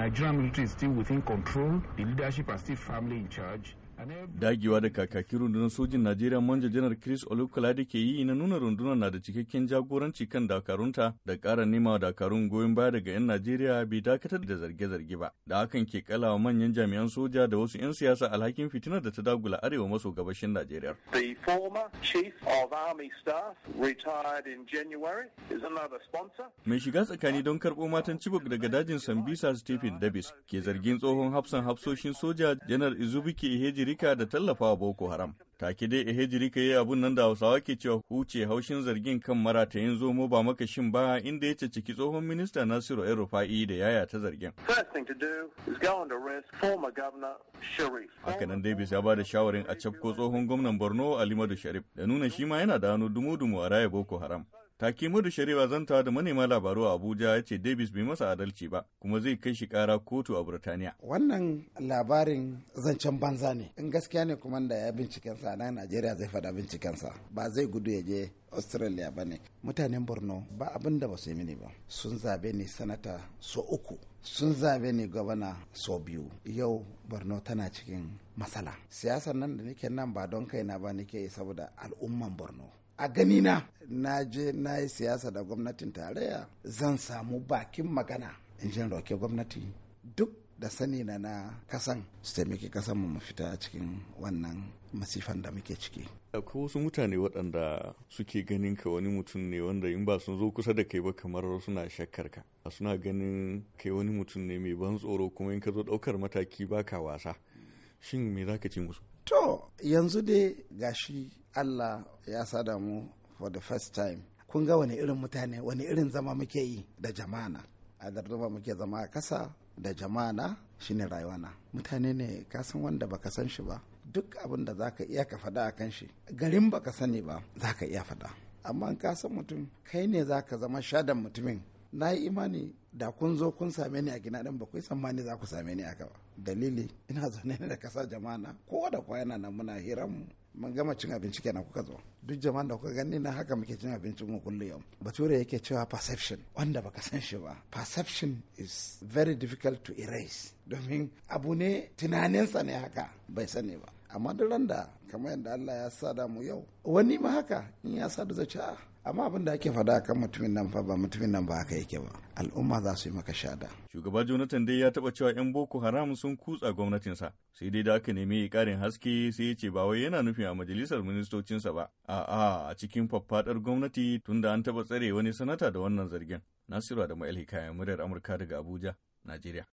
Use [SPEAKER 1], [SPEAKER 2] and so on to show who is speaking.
[SPEAKER 1] Nigerian military is still within control. The leadership are still firmly in charge. Dagewa da kakakin rundunar sojin Najeriya manja janar Chris Olukolade ke yi na nuna rundunar na da cikakken jagoranci kan dakarunta da ƙara nema dakarun goyon baya daga 'yan Najeriya bai dakatar da zarge-zarge ba. Da hakan ke kalawa manyan jami'an soja da wasu 'yan siyasa alhakin fitinar da ta dagula arewa maso gabashin Najeriya. Mai shiga tsakani don karɓo matan Chibok daga dajin Sambisa Stephen Davis ke zargin tsohon hafsan hafsoshin soja janar ke Ihejire. hijirika da tallafawa Boko Haram. Take dai Ejirika yi abun nan da Hausawa ke cewa huce haushin zargin kan yin zomo ba makashin ba inda ya ciki tsohon minista Nasiru El Rufa'i da yaya ta zargin. Haka nan dai ya ba da shawarin a cafko tsohon gwamnan Borno alimadu Sharif da nuna shi ma yana da hannu dumu-dumu a raya Boko Haram. Takimu da shari'a zanta da manema labaru a Abuja ya ce Davis bai masa adalci ba kuma zai kai shi kara kotu a Burtaniya.
[SPEAKER 2] Wannan labarin zancen banza ne. In gaskiya ne kuma da ya bincikensa na Najeriya zai faɗa bincikensa ba zai gudu ya je Australia ba ne. Mutanen Borno ba abin da ba su yi mini ba. Sun zabe ni sanata so uku. Sun zabe ni gwamna so biyu. Yau Borno tana cikin matsala. Siyasar nan da nake nan ba don kai na ba nake saboda al'umman Borno. a ganina na je na yi siyasa da gwamnatin tarayya zan samu bakin magana in jin roke gwamnati duk da sani na na kasan su taimaki kasan mu fita a cikin wannan masifan da muke ciki.
[SPEAKER 1] Akwai wasu mutane waɗanda suke ganin ka wani mutum ne wanda in ba sun zo kusa da kai ba kamar suna shakkar ka. Suna ganin kai wani mutum ne mai ban tsoro kuma in ka zo ɗaukar mataki baka wasa. Shin me za ka ce musu?
[SPEAKER 2] To yanzu dai gashi Allah ya sada mu for the first time. Kun ga wani irin mutane wani irin zama muke yi da jama'ana. A darduma muke zama a kasa da jama'ana shine rayuwana. Mutane ne kasan wanda baka san shi ba. Duk abin da zaka iya ka faɗa a kan shi. Garin baka sani ba zaka iya faɗa. Amma kasan mutum kai ne zaka zama shadan mutumin na yi imani da kun zo kun same ni a gina ɗin ba ku yi za ku same ni aka ba dalili ina zaune ne da kasa jama'a na ko da kowa yana nan muna hiran mun gama cin abinci kenan kuka zo duk jama'an da kuka gani na haka muke cin abinci mu kullum yau bature yake cewa perception wanda baka san shi ba perception is very difficult to erase domin abu ne tunaninsa ne haka bai sani ba amma duk da kamar yadda Allah ya sa da mu yau wani ma haka in ya sada zai ce ah, amma abin da ake fada kan mutumin nan fa ba mutumin nan ba haka yake ba al'umma za su yi maka shada
[SPEAKER 1] shugaba jonathan dai ya taba cewa yan boko haram sun kutsa gwamnatinsa sai dai da aka nemi karin haske sai ya ce ba wai yana nufin a majalisar ministocinsa ba a'a a cikin faffadar gwamnati tunda an taba tsare wani sanata da wannan zargin nasiru da ma'il hikaya muryar amurka daga abuja najeriya